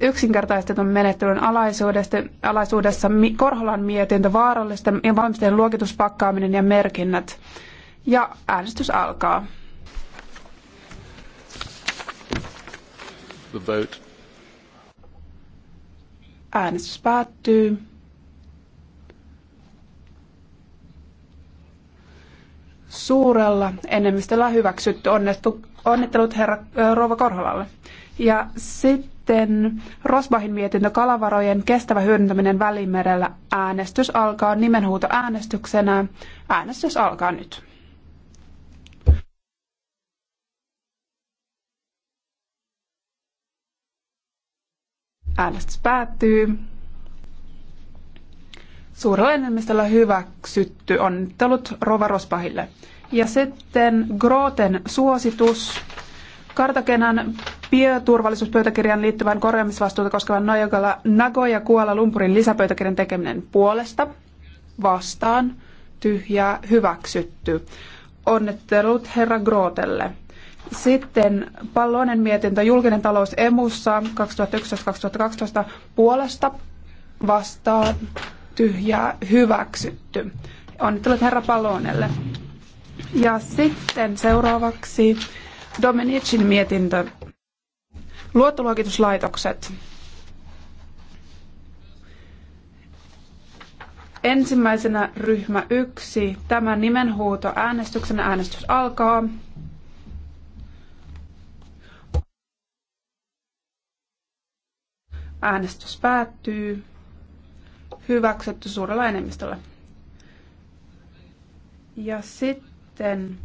yksinkertaistetun menettelyn alaisuudessa Korholan mietintö vaarallisten ja valmisteiden luokituspakkaaminen ja merkinnät. Ja äänestys alkaa. The vote. Äänestys päättyy. Suurella enemmistöllä hyväksytty. Onnettu, onnittelut herra Rova Korholalle. Ja sitten sitten Rosbahin mietintö kalavarojen kestävä hyödyntäminen Välimerellä. Äänestys alkaa nimenhuuto äänestyksenä. Äänestys alkaa nyt. Äänestys päättyy. Suurella enemmistöllä hyväksytty onnittelut Rova Rospahille. Ja sitten Groten suositus. Kartakenan bioturvallisuuspöytäkirjan liittyvän korjaamisvastuuta koskevan Nagoya Kuola Lumpurin lisäpöytäkirjan tekeminen puolesta, vastaan, tyhjää, hyväksytty. Onnittelut herra Grootelle. Sitten Pallonen mietintö julkinen talous emussa 2011-2012 puolesta, vastaan, tyhjää, hyväksytty. Onnittelut herra Pallonelle. Ja sitten seuraavaksi Domenicin mietintö. Luottoluokituslaitokset. Ensimmäisenä ryhmä yksi. Tämä nimenhuuto äänestyksen äänestys alkaa. Äänestys päättyy. Hyväksytty suurella enemmistöllä. Ja sitten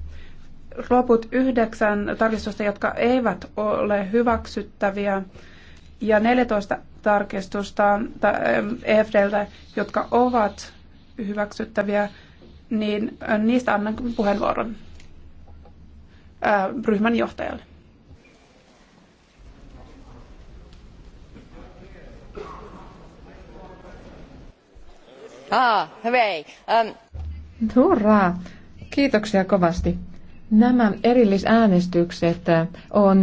loput yhdeksän tarkistusta, jotka eivät ole hyväksyttäviä, ja 14 tarkistusta ähm, EFDltä, jotka ovat hyväksyttäviä, niin äh, niistä annan puheenvuoron äh, ryhmän johtajalle. Ah, hyvä. Um... Hurraa. Kiitoksia kovasti. Nämä erillisäänestykset on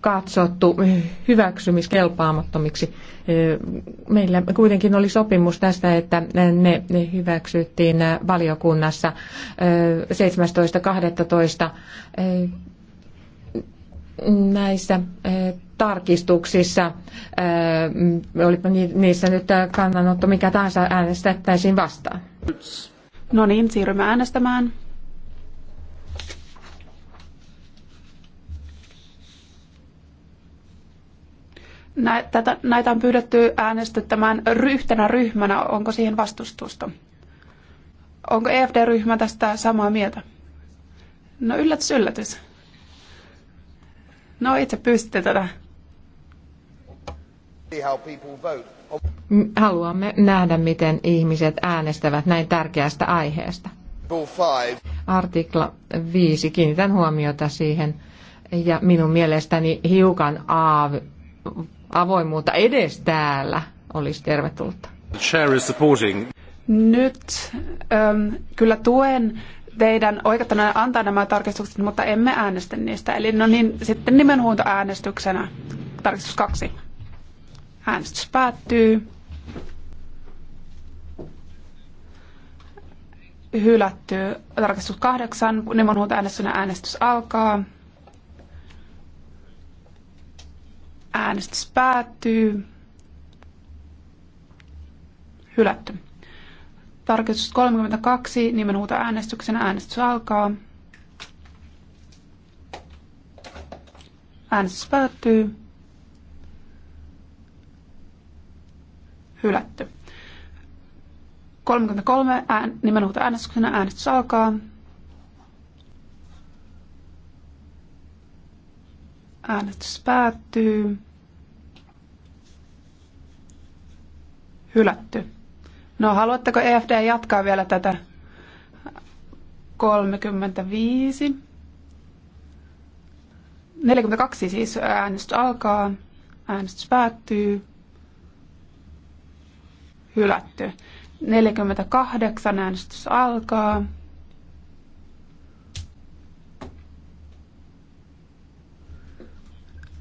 katsottu hyväksymiskelpaamattomiksi. Meillä kuitenkin oli sopimus tästä, että ne hyväksyttiin valiokunnassa 17.12. Näissä tarkistuksissa, olipa niissä nyt kannanotto mikä tahansa äänestettäisiin vastaan. No niin, siirrymme äänestämään. Näitä, näitä on pyydetty äänestettämään yhtenä ryhmänä. Onko siihen vastustusta? Onko EFD-ryhmä tästä samaa mieltä? No yllätys, yllätys. No itse pystytte tätä. Haluamme nähdä, miten ihmiset äänestävät näin tärkeästä aiheesta. Artikla 5. Kiinnitän huomiota siihen. Ja minun mielestäni hiukan aav avoimuutta edes täällä olisi tervetullutta. Nyt äm, kyllä tuen teidän oikeutta antaa nämä tarkistukset, mutta emme äänestä niistä. Eli no niin, sitten äänestyksenä. tarkistus kaksi. Äänestys päättyy. Hylätty tarkistus kahdeksan. äänestyksenä äänestys alkaa. Äänestys päättyy. Hylätty. Tarkistus 32, nimenhuuta äänestyksen äänestys alkaa. Äänestys päättyy. Hylätty. 33 ään, nimenhuuta äänestyksen äänestys alkaa. Äänestys päättyy. Hylätty. No, haluatteko EFD jatkaa vielä tätä? 35. 42 siis äänestys alkaa. Äänestys päättyy. Hylätty. 48 äänestys alkaa.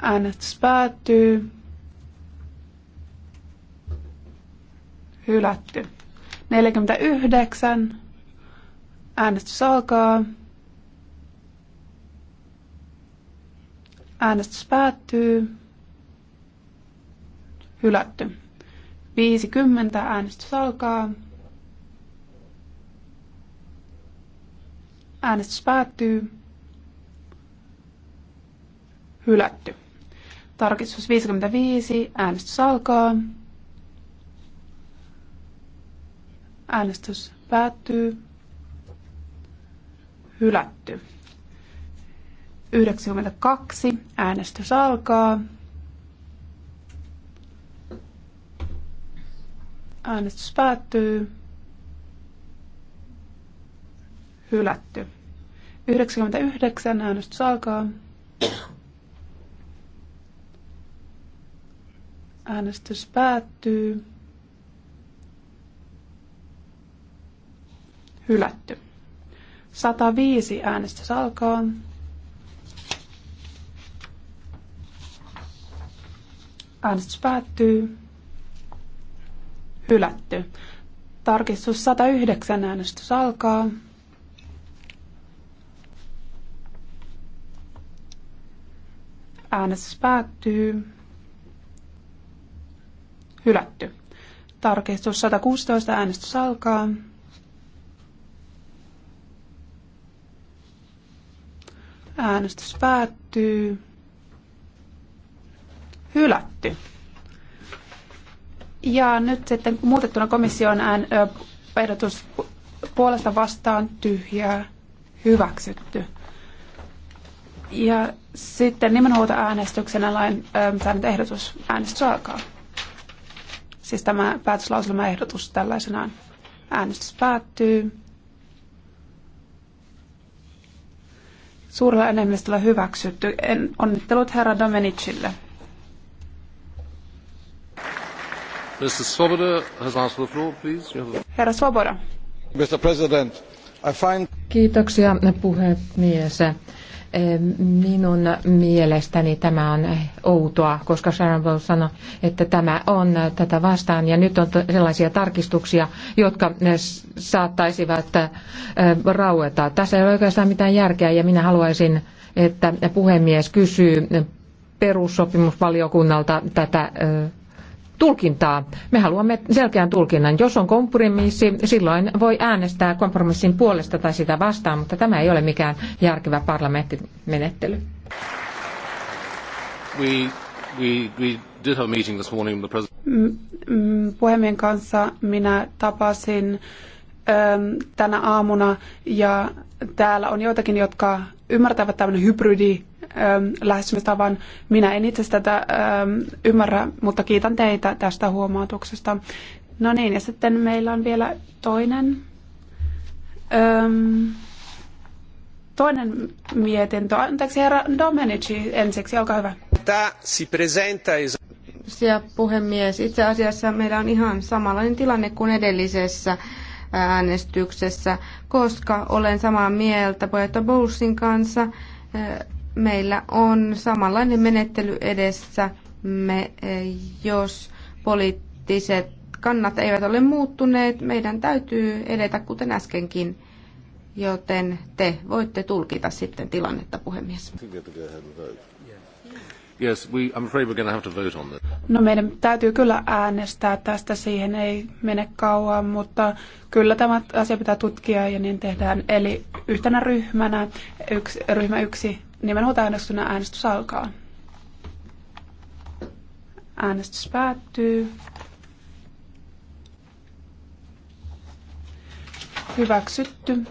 Äänestys päättyy. Hylätty. 49. Äänestys alkaa. Äänestys päättyy. Hylätty. 50. Äänestys alkaa. Äänestys päättyy. Hylätty. Tarkistus 55. Äänestys alkaa. Äänestys päättyy. Hylätty. 92. Äänestys alkaa. Äänestys päättyy. Hylätty. 99. Äänestys alkaa. Äänestys päättyy. Hylätty. 105 äänestys alkaa. Äänestys päättyy. Hylätty. Tarkistus 109 äänestys alkaa. Äänestys päättyy Hylätty. Tarkistus 116. Äänestys alkaa. Äänestys päättyy. Hylätty. Ja nyt sitten muutettuna komission ään, ö, ehdotus puolesta vastaan tyhjää hyväksytty. Ja sitten nimenhuolta äänestyksenä lain ö, ehdotus äänestys alkaa. Siis tämä päätöslauselmaehdotus tällaisenaan. Äänestys päättyy. Suurella enemmistöllä hyväksytty. En, onnittelut herra Domenicille. Mr. Swoboda. has asked the floor, please. have... Herra Svoboda. Mr. President, I find... Kiitoksia puhemies. Minun mielestäni tämä on outoa, koska Sharon Bowl sanoi, että tämä on tätä vastaan ja nyt on sellaisia tarkistuksia, jotka eh, saattaisivat eh, raueta. Tässä ei ole oikeastaan mitään järkeä ja minä haluaisin, että puhemies kysyy perussopimusvaliokunnalta tätä eh, tulkintaa. Me haluamme selkeän tulkinnan. Jos on kompromissi, silloin voi äänestää kompromissin puolesta tai sitä vastaan, mutta tämä ei ole mikään järkevä parlamenttimenettely. We, we, we did have a meeting this morning with the president. Mm, mm, puhemien kanssa minä tapasin ähm, tänä aamuna ja täällä on joitakin, jotka ymmärtävät tämän hybridi ähm, lähestymistavan. Minä en itse tätä ähm, ymmärrä, mutta kiitän teitä tästä huomautuksesta. No niin, ja sitten meillä on vielä toinen, öm, ähm, toinen mietintö. Anteeksi, herra Domenici ensiksi, olkaa hyvä. Tämä si presenta puhemies. Itse asiassa meillä on ihan samanlainen tilanne kuin edellisessä äänestyksessä, koska olen samaa mieltä Poeta Bowlesin kanssa. Meillä on samanlainen menettely edessä, me, jos poliittiset kannat eivät ole muuttuneet. Meidän täytyy edetä kuten äskenkin, joten te voitte tulkita sitten tilannetta, puhemies. Yes, we, I'm afraid we're going to have to vote on this. No meidän täytyy kyllä äänestää tästä, siihen ei mene kauan, mutta kyllä tämä asia pitää tutkia ja niin tehdään. Eli yhtenä ryhmänä, yksi, ryhmä yksi, äänestyksenä äänestys alkaa. Äänestys päättyy. Hyväksytty.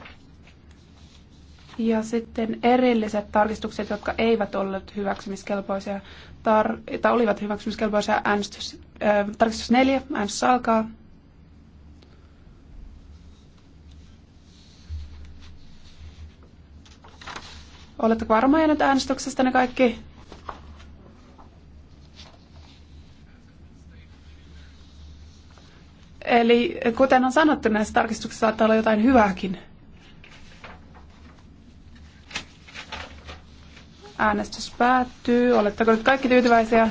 Ja sitten erilliset tarkistukset, jotka eivät olleet hyväksymiskelpoisia, tar- tai olivat hyväksymiskelpoisia, äänestys, äh, tarkistus 4, äänestys alkaa. Oletteko varmoja nyt äänestyksestä ne kaikki? Eli kuten on sanottu, näissä tarkistuksissa saattaa olla jotain hyvääkin. Äänestys päättyy. Oletteko nyt kaikki tyytyväisiä?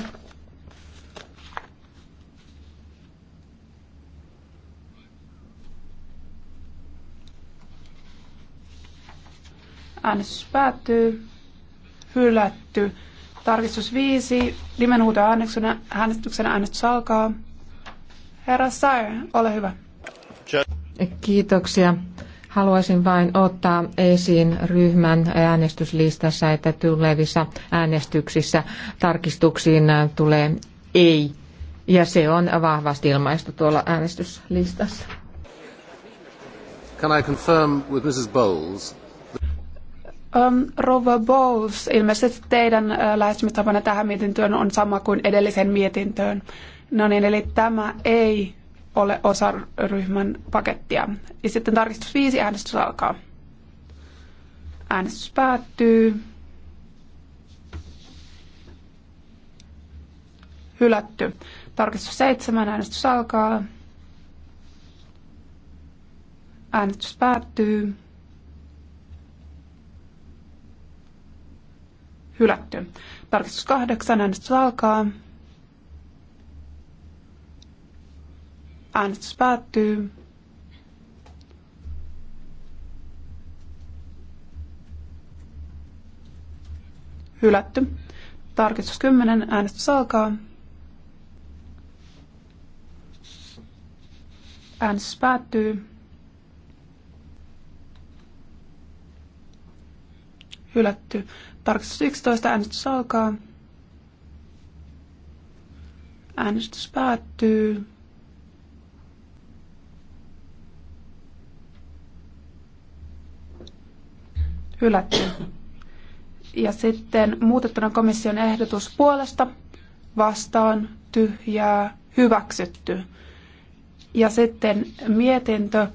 Äänestys päättyy. Hylätty. Tarkistus 5. Nimenhuuto äänestyksen äänestyksenä äänestys alkaa. Herra Sire, ole hyvä. Kiitoksia. Haluaisin vain ottaa esiin ryhmän äänestyslistassa, että tulevissa äänestyksissä tarkistuksiin tulee ei. Ja se on vahvasti ilmaistu tuolla äänestyslistassa. Can I confirm with Mrs. Bowles? Um, Rova Bowles, ilmeisesti teidän äh, lähestymistapanne tähän mietintöön on sama kuin edelliseen mietintöön. No niin, eli tämä ei ole osa ryhmän pakettia. Ja sitten tarkistus 5, äänestys alkaa. Äänestys päättyy. Hylätty. Tarkistus 7, äänestys alkaa. Äänestys päättyy. Hylätty. Tarkistus 8, äänestys alkaa. Äänestys päättyy. Hylätty. Tarkistus 10. Äänestys alkaa. Äänestys päättyy. Hylätty. Tarkistus 11. Äänestys alkaa. Äänestys päättyy. hylätty. Ja sitten muutettuna komission ehdotus puolesta vastaan tyhjää hyväksytty. Ja sitten mietintö.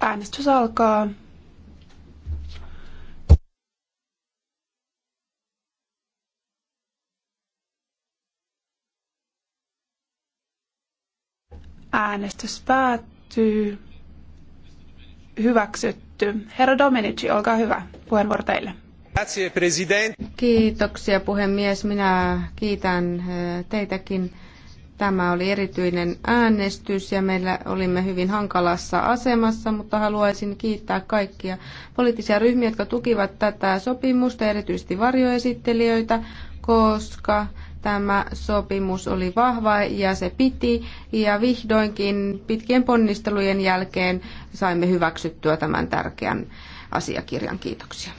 Äänestys alkaa. Äänestys päättyy. Hyväksytty hyväksytty. Herra Domenici, olkaa hyvä. Puheenvuoro teille. Kiitoksia puhemies. Minä kiitän eh, teitäkin. Tämä oli erityinen äänestys ja meillä olimme hyvin hankalassa asemassa, mutta haluaisin kiittää kaikkia poliittisia ryhmiä, jotka tukivat tätä sopimusta, erityisesti varjoesittelijöitä, koska Tämä sopimus oli vahva ja se piti ja vihdoinkin pitkien ponnistelujen jälkeen saimme hyväksyttyä tämän tärkeän asiakirjan. Kiitoksia.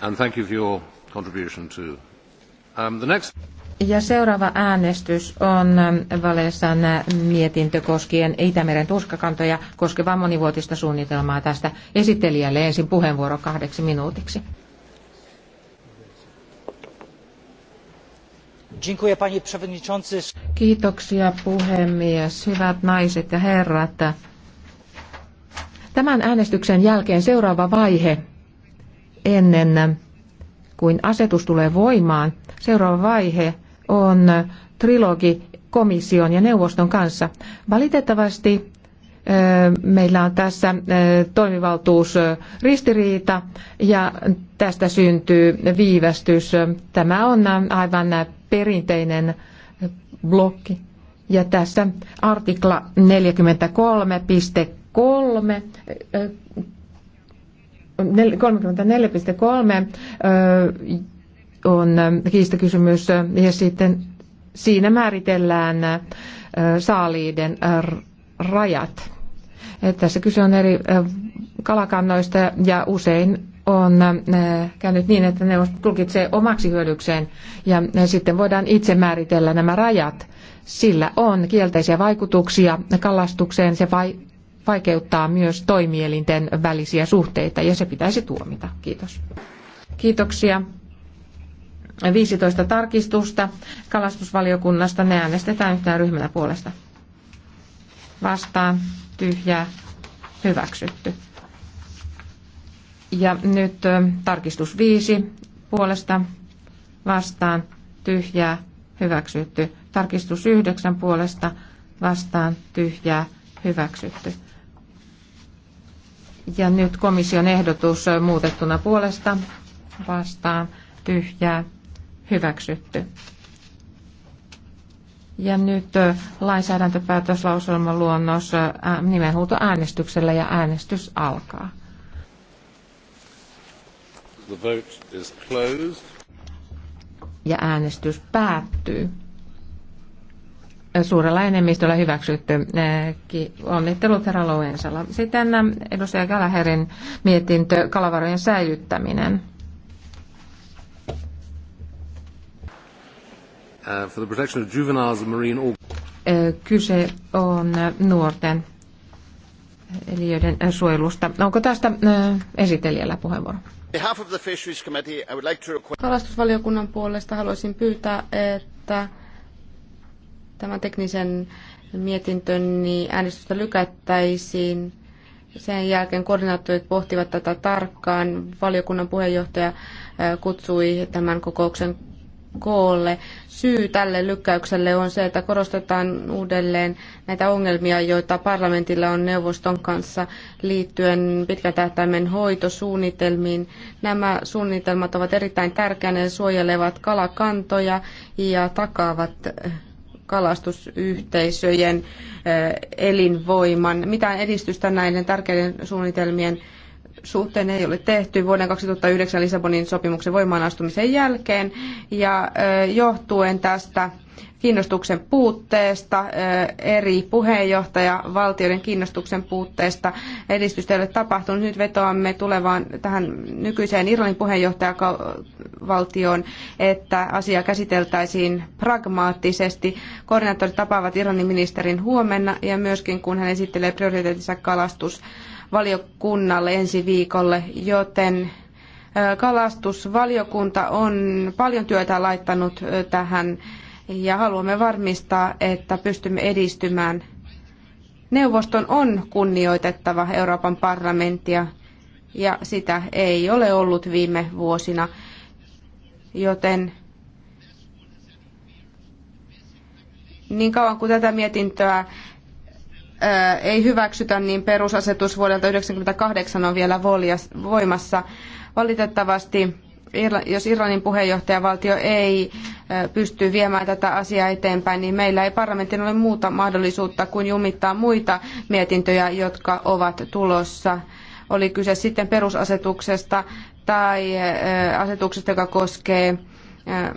And thank you for your contribution Um, the next... Ja seuraava äänestys on um, Valesan mietintö koskien Itämeren tuskakantoja koskevaa monivuotista suunnitelmaa tästä esittelijälle ensin puheenvuoro kahdeksi minuutiksi. Kiitoksia puhemies. Hyvät naiset ja herrat. Tämän äänestyksen jälkeen seuraava vaihe ennen kuin asetus tulee voimaan. Seuraava vaihe on trilogi komission ja neuvoston kanssa. Valitettavasti meillä on tässä toimivaltuus ristiriita ja tästä syntyy viivästys. Tämä on aivan perinteinen blokki. Ja tässä artikla 43.3 on kiistakysymys ja sitten siinä määritellään saaliiden rajat. Tässä kyse on eri kalakannoista ja usein on äh, käynyt niin, että neuvosto tulkitsee omaksi hyödykseen ja äh, sitten voidaan itse määritellä nämä rajat. Sillä on kielteisiä vaikutuksia kalastukseen, se vai, vaikeuttaa myös toimielinten välisiä suhteita ja se pitäisi tuomita. Kiitos. Kiitoksia. 15 tarkistusta kalastusvaliokunnasta. Ne äänestetään yhtenä ryhmänä puolesta. Vastaan, tyhjää, hyväksytty. Ja nyt tarkistus viisi puolesta vastaan tyhjää hyväksytty. Tarkistus yhdeksän puolesta vastaan tyhjää hyväksytty. Ja nyt komission ehdotus muutettuna puolesta vastaan tyhjää hyväksytty. Ja nyt lainsäädäntöpäätöslauselman luonnos äänestyksellä ja äänestys alkaa. The vote is closed. Ja äänestys päättyy. Suurella enemmistöllä hyväksytty. Onnittelut herra Louensala. Sitten edustaja Gallagherin mietintö kalavarojen säilyttäminen. Uh, for the protection of juveniles and marine kyse on nuorten eliöiden suojelusta. Onko tästä esitelijällä puheenvuoro? Kalastusvaliokunnan puolesta haluaisin pyytää, että tämän teknisen mietintön niin äänestystä lykättäisiin. Sen jälkeen koordinaattorit pohtivat tätä tarkkaan. Valiokunnan puheenjohtaja kutsui tämän kokouksen koolle. Syy tälle lykkäykselle on se, että korostetaan uudelleen näitä ongelmia, joita parlamentilla on neuvoston kanssa liittyen pitkän tähtäimen hoitosuunnitelmiin. Nämä suunnitelmat ovat erittäin tärkeitä, ne suojelevat kalakantoja ja takaavat eh, kalastusyhteisöjen eh, elinvoiman. Mitä edistystä näiden tärkeiden suunnitelmien suhteen ei ole tehty vuoden 2009 Lissabonin sopimuksen voimaanastumisen jälkeen ja johtuen tästä kiinnostuksen puutteesta, eri puheenjohtajavaltioiden kiinnostuksen puutteesta edistystä ei ole tapahtunut. Nyt vetoamme tulevaan tähän nykyiseen Irlannin puheenjohtajavaltioon, että asia käsiteltäisiin pragmaattisesti. Koordinaattorit tapaavat Irlannin ministerin huomenna ja myöskin kun hän esittelee prioriteetinsa kalastus valiokunnalle ensi viikolle, joten kalastusvaliokunta on paljon työtä laittanut tähän ja haluamme varmistaa, että pystymme edistymään. Neuvoston on kunnioitettava Euroopan parlamenttia ja sitä ei ole ollut viime vuosina, joten niin kauan kuin tätä mietintöä ei hyväksytä, niin perusasetus vuodelta 1998 on vielä voimassa. Valitettavasti jos Irlannin puheenjohtajavaltio ei pysty viemään tätä asiaa eteenpäin, niin meillä ei parlamentin ole muuta mahdollisuutta kuin jumittaa muita mietintöjä, jotka ovat tulossa. Oli kyse sitten perusasetuksesta tai asetuksesta, joka koskee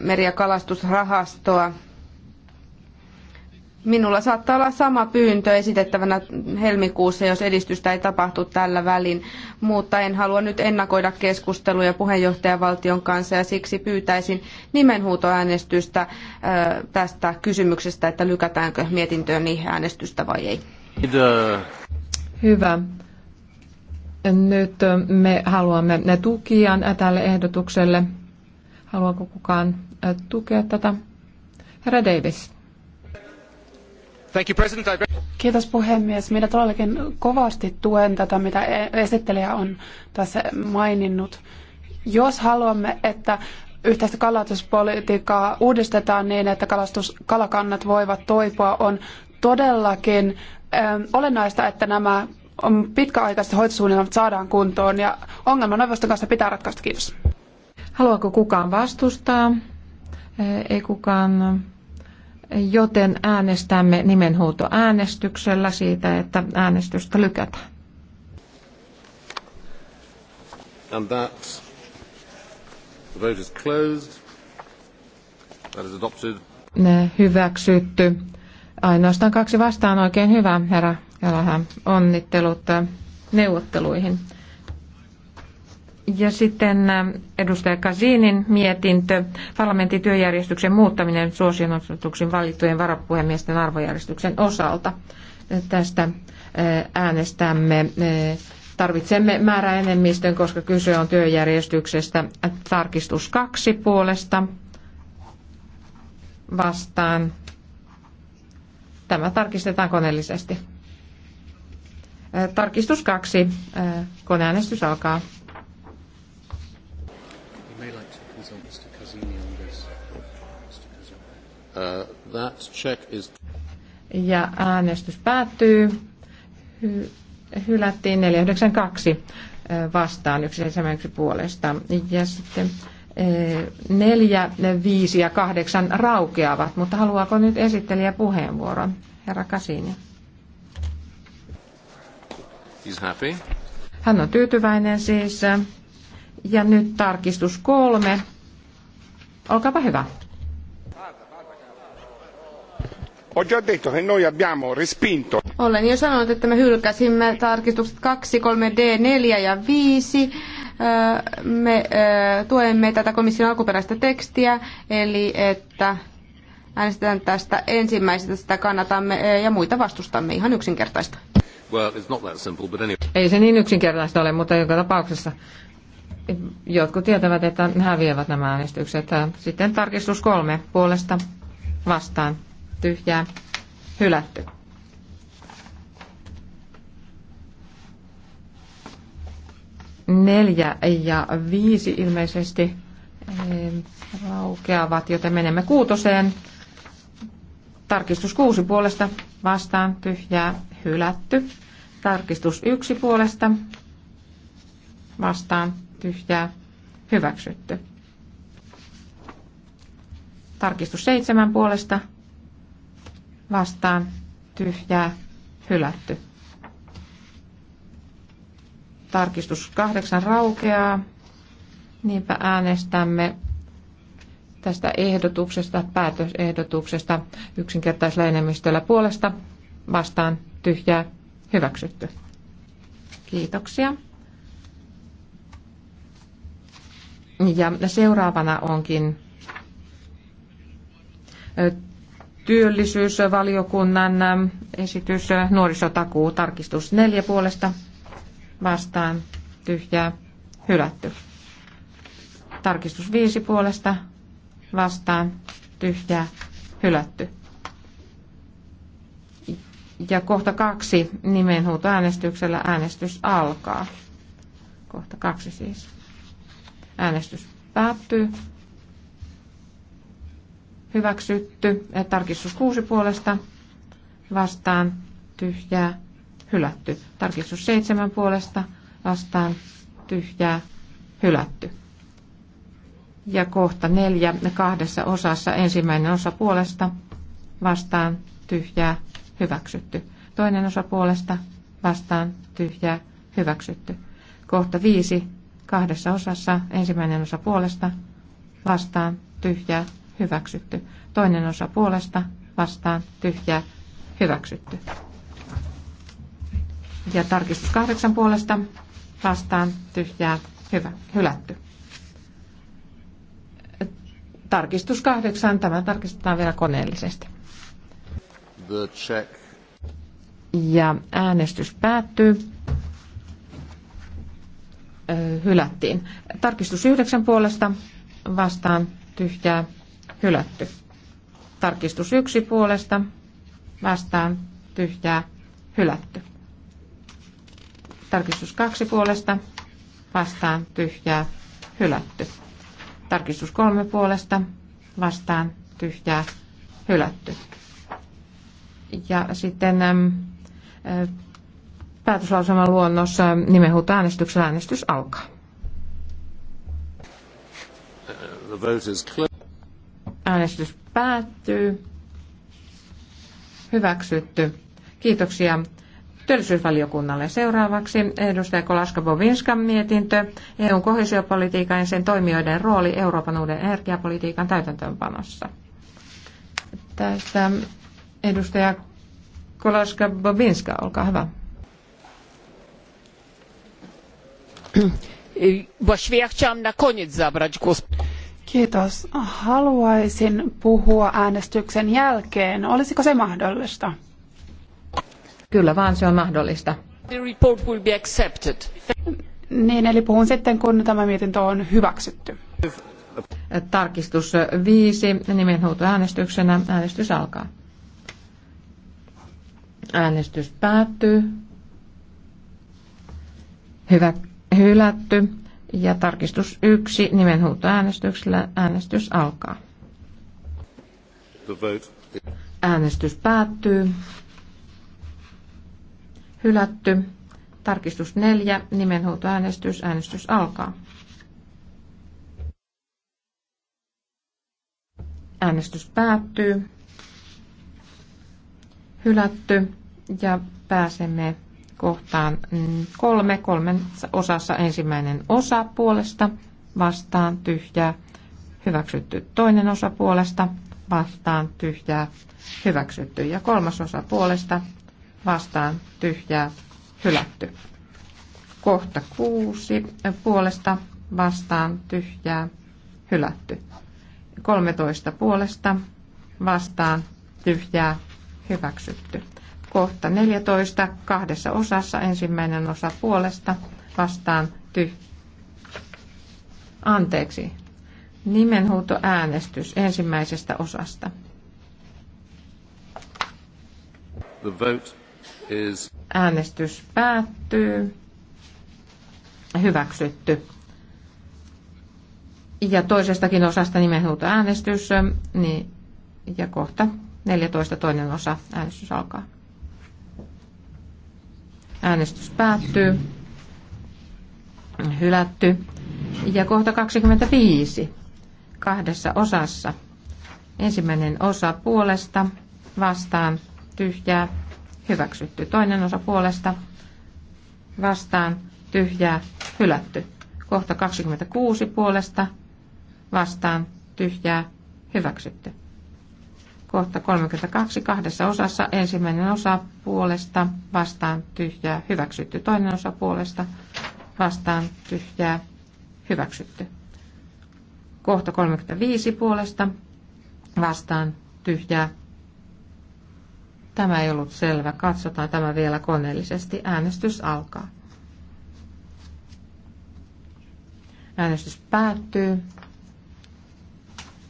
meri- ja kalastusrahastoa. Minulla saattaa olla sama pyyntö esitettävänä helmikuussa, jos edistystä ei tapahtu tällä välin, mutta en halua nyt ennakoida keskusteluja puheenjohtajavaltion kanssa ja siksi pyytäisin nimenhuutoäänestystä tästä kysymyksestä, että lykätäänkö mietintöön niihin äänestystä vai ei. Hyvä. Nyt me haluamme ne tukia tälle ehdotukselle. Haluaako kukaan tukea tätä? Herra Davis. Kiitos puhemies. Minä todellakin kovasti tuen tätä, mitä e- esittelijä on tässä maininnut. Jos haluamme, että yhteistä kalastuspolitiikkaa uudistetaan niin, että kalastus, kalakannat voivat toipua, on todellakin ähm, olennaista, että nämä ähm, pitkäaikaiset hoitosuunnitelmat saadaan kuntoon ja ongelman neuvoston kanssa pitää ratkaista. Kiitos. Haluaako kukaan vastustaa? Ei kukaan joten äänestämme nimenhuutoäänestyksellä siitä, että äänestystä lykätään. And that the vote is closed. That is adopted. Ne hyväksytty. Ainoastaan kaksi vastaan oikein hyvä, herra Jalahan. Onnittelut neuvotteluihin. Ja sitten edustaja Kasinin mietintö, parlamentin työjärjestyksen muuttaminen suosionosoituksin valittujen varapuhemiesten arvojärjestyksen osalta. Tästä äänestämme. Tarvitsemme määräenemmistön, koska kyse on työjärjestyksestä. Tarkistus kaksi puolesta vastaan. Tämä tarkistetaan koneellisesti. Tarkistus kaksi. Koneäänestys alkaa. Uh, ja äänestys päättyy. Hy- hylättiin 492 uh, vastaan, 171 puolesta. Ja sitten uh, neljä, viisi ja kahdeksan raukeavat, mutta haluaako nyt esittelijä puheenvuoron? Herra Kasini. He's happy. Hän on tyytyväinen siis. Ja nyt tarkistus kolme. Olkaapa hyvä. Olen jo sanonut, että me hylkäsimme tarkistukset 2, 3D, 4 ja 5. Me tuemme tätä komission alkuperäistä tekstiä, eli että äänestetään tästä ensimmäisestä, sitä kannatamme ja muita vastustamme ihan yksinkertaista. Well, simple, anyway. Ei se niin yksinkertaista ole, mutta joka tapauksessa jotkut tietävät, että häviävät nämä äänestykset. Sitten tarkistus kolme puolesta vastaan tyhjää, hylätty. Neljä ja viisi ilmeisesti eh, raukeavat, joten menemme kuutoseen. Tarkistus kuusi puolesta vastaan tyhjää hylätty. Tarkistus yksi puolesta vastaan tyhjää hyväksytty. Tarkistus seitsemän puolesta vastaan tyhjää hylätty. Tarkistus kahdeksan raukeaa. Niinpä äänestämme tästä ehdotuksesta, päätösehdotuksesta yksinkertaisella enemmistöllä puolesta vastaan tyhjää hyväksytty. Kiitoksia. Ja seuraavana onkin työllisyysvaliokunnan ähm, esitys äh, nuorisotakuu tarkistus neljä puolesta vastaan tyhjää hylätty. Tarkistus viisi puolesta vastaan tyhjää hylätty. Ja kohta kaksi äänestyksellä äänestys alkaa. Kohta kaksi siis. Äänestys päättyy hyväksytty, tarkistus 6 puolesta vastaan tyhjää hylätty, tarkistus 7 puolesta vastaan tyhjää hylätty. Ja kohta neljä kahdessa osassa ensimmäinen osa puolesta vastaan tyhjää hyväksytty. Toinen osa puolesta vastaan tyhjää hyväksytty. Kohta viisi kahdessa osassa ensimmäinen osa puolesta vastaan tyhjää hyväksytty. Toinen osa puolesta vastaan tyhjää hyväksytty. Ja tarkistus kahdeksan puolesta vastaan tyhjää hyvä, hylätty. Tarkistus kahdeksan, tämä tarkistetaan vielä koneellisesti. The check. Ja äänestys päättyy. hylättiin. Tarkistus yhdeksän puolesta vastaan tyhjää hylätty. Tarkistus yksi puolesta vastaan tyhjää hylätty. Tarkistus kaksi puolesta vastaan tyhjää hylätty. Tarkistus kolme puolesta vastaan tyhjää hylätty. Ja sitten päätöslauselman luonnos nimenhuuta äänestyksellä äänestys alkaa. The vote is clear. Äänestys päättyy. Hyväksytty. Kiitoksia työllisyysvaliokunnalle. Seuraavaksi edustaja Kolaska Bovinskan mietintö, EUn kohesiopolitiikan ja sen toimijoiden rooli Euroopan uuden energiapolitiikan täytäntöönpanossa. Tästä edustaja Kolaska Bovinska, olkaa hyvä. Właściwie ja chciałam na koniec zabrać głos. Kiitos. Haluaisin puhua äänestyksen jälkeen. Olisiko se mahdollista? Kyllä vaan, se on mahdollista. The report will be accepted. Niin, eli puhun sitten, kun tämä mietintö on hyväksytty. Tarkistus viisi, 5, nimenhuutoäänestyksenä. Äänestys alkaa. Äänestys päättyy. Hyvä, hylätty. Ja tarkistus yksi nimenhuutoäänestyksellä. Äänestys alkaa. Äänestys päättyy. Hylätty. Tarkistus neljä nimenhuutoäänestys. Äänestys alkaa. Äänestys päättyy. Hylätty. Ja pääsemme kohtaan kolme, kolmen osassa ensimmäinen osa puolesta vastaan tyhjää, hyväksytty toinen osa puolesta vastaan tyhjää, hyväksytty ja kolmas osa puolesta vastaan tyhjää, hylätty. Kohta kuusi puolesta vastaan tyhjää, hylätty. 13 puolesta vastaan tyhjää, hyväksytty. Kohta 14 kahdessa osassa. Ensimmäinen osa puolesta vastaan ty. Anteeksi. Nimenhuuto äänestys ensimmäisestä osasta. The vote is... Äänestys päättyy. Hyväksytty. Ja toisestakin osasta nimenhuuto äänestys. Niin, ja kohta 14 toinen osa äänestys alkaa. Äänestys päättyy. Hylätty. Ja kohta 25. Kahdessa osassa. Ensimmäinen osa puolesta vastaan tyhjää hyväksytty. Toinen osa puolesta vastaan tyhjää hylätty. Kohta 26 puolesta vastaan tyhjää hyväksytty. Kohta 32 kahdessa osassa. Ensimmäinen osa puolesta vastaan tyhjää hyväksytty. Toinen osa puolesta vastaan tyhjää hyväksytty. Kohta 35 puolesta vastaan tyhjää. Tämä ei ollut selvä. Katsotaan tämä vielä koneellisesti. Äänestys alkaa. Äänestys päättyy.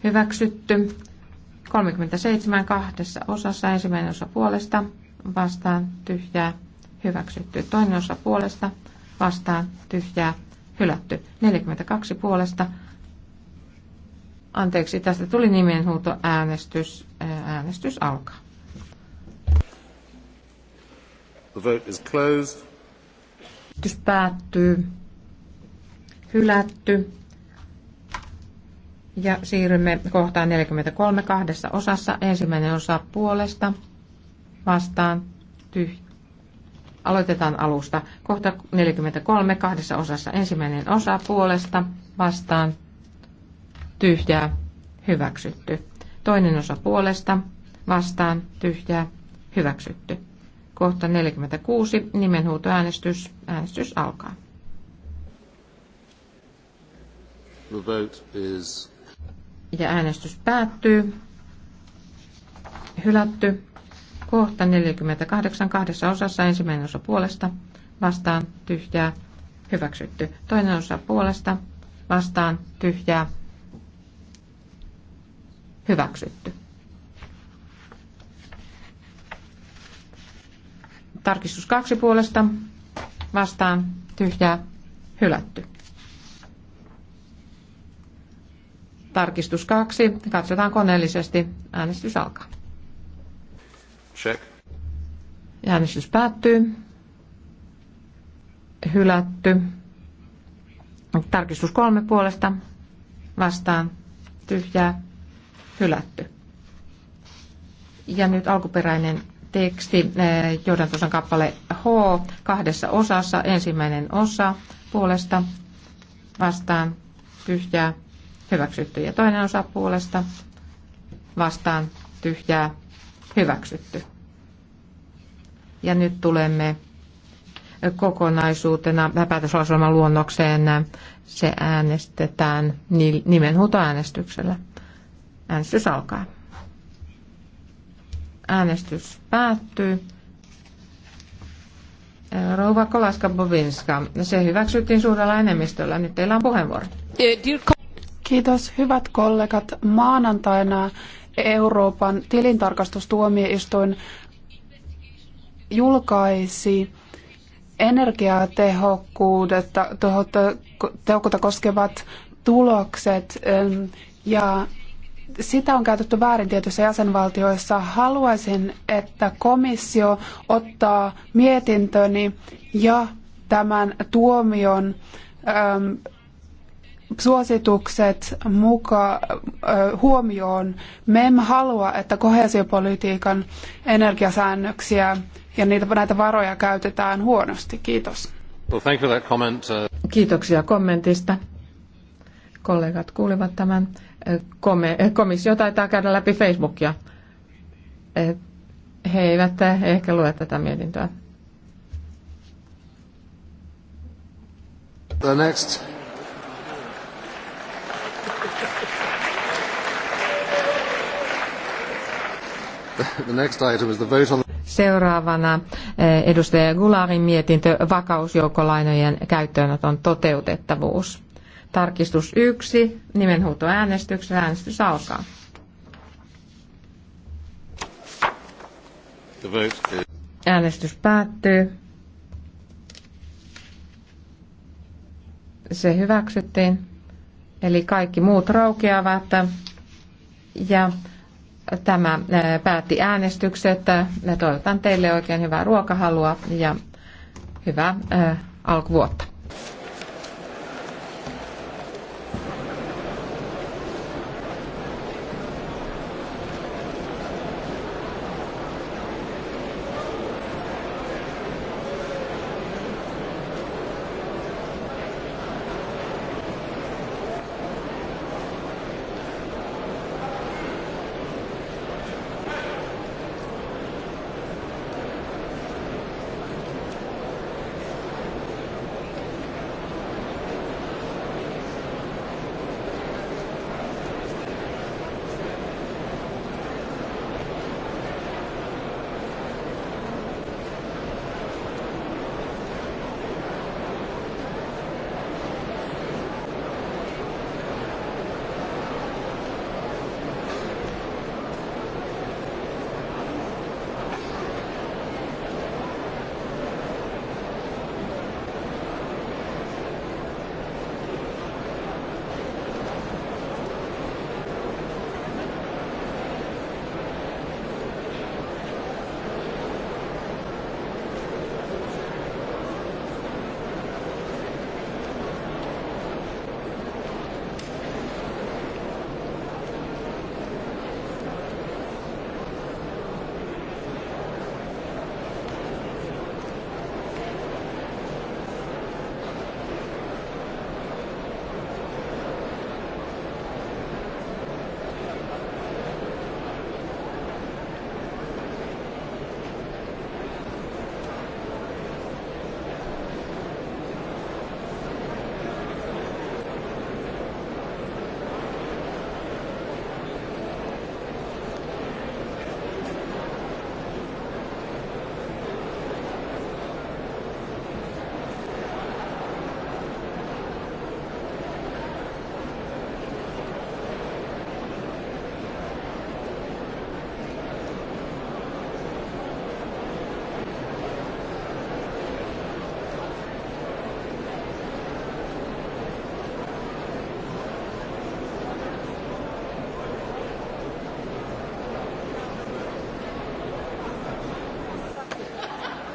Hyväksytty. 37 kahdessa osassa. Ensimmäinen osa puolesta vastaan tyhjää hyväksytty. Toinen osa puolesta vastaan tyhjää hylätty. 42 puolesta. Anteeksi, tästä tuli nimenhuuto äänestys. Äänestys alkaa. The vote is closed. Äänestys päättyy. Hylätty. Ja siirrymme kohtaan 43 kahdessa osassa. Ensimmäinen osa puolesta vastaan tyhjä. Aloitetaan alusta. Kohta 43 kahdessa osassa. Ensimmäinen osa puolesta vastaan tyhjää hyväksytty. Toinen osa puolesta vastaan tyhjää hyväksytty. Kohta 46 nimenhuutoäänestys. Äänestys alkaa. The vote is ja äänestys päättyy. Hylätty. Kohta 48 kahdessa osassa ensimmäinen osa puolesta vastaan tyhjää hyväksytty. Toinen osa puolesta vastaan tyhjää hyväksytty. Tarkistus kaksi puolesta vastaan tyhjää hylätty. Tarkistus kaksi. Katsotaan koneellisesti. Äänestys alkaa. Check. Äänestys päättyy. Hylätty. Tarkistus kolme puolesta. Vastaan. Tyhjää. Hylätty. Ja nyt alkuperäinen teksti, eh, johdantosan kappale H, kahdessa osassa. Ensimmäinen osa puolesta vastaan tyhjää hyväksytty. Ja toinen osa puolesta vastaan tyhjää hyväksytty. Ja nyt tulemme kokonaisuutena päätöslauselman luonnokseen. Se äänestetään nimenhuutoäänestyksellä. Äänestys alkaa. Äänestys päättyy. Rouva Kolaska-Bovinska, se hyväksyttiin suurella enemmistöllä. Nyt teillä on puheenvuoro. Uh, Kiitos, hyvät kollegat. Maanantaina Euroopan tilintarkastustuomioistuin julkaisi energiatehokkuudetta tehokkuutta koskevat tulokset ähm, ja sitä on käytetty väärin tietyissä jäsenvaltioissa. Haluaisin, että komissio ottaa mietintöni ja tämän tuomion ähm, suositukset muka, huomioon. Me emme halua, että kohesiopolitiikan energiasäännöksiä ja niitä, näitä varoja käytetään huonosti. Kiitos. Uh, Kiitoksia kommentista. Kollegat kuulivat tämän. Komissio taitaa käydä läpi Facebookia. He eivät ehkä lue tätä mietintöä. The next Seuraavana eh, edustaja Gularin mietintö vakausjoukkolainojen käyttöönoton toteutettavuus. Tarkistus 1, äänestyksessä, äänestys alkaa. Äänestys päättyy. Se hyväksyttiin. Eli kaikki muut raukeavat. Ja tämä päätti äänestykset. Toivotan teille oikein hyvää ruokahalua ja hyvää alkuvuotta.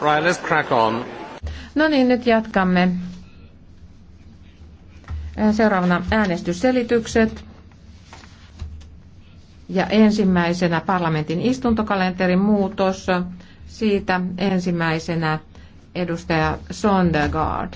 Right, let's crack on. No niin, nyt jatkamme. Äh, seuraavana äänestysselitykset. Ja ensimmäisenä parlamentin istuntokalenterin muutos. Siitä ensimmäisenä edustaja Sondergaard.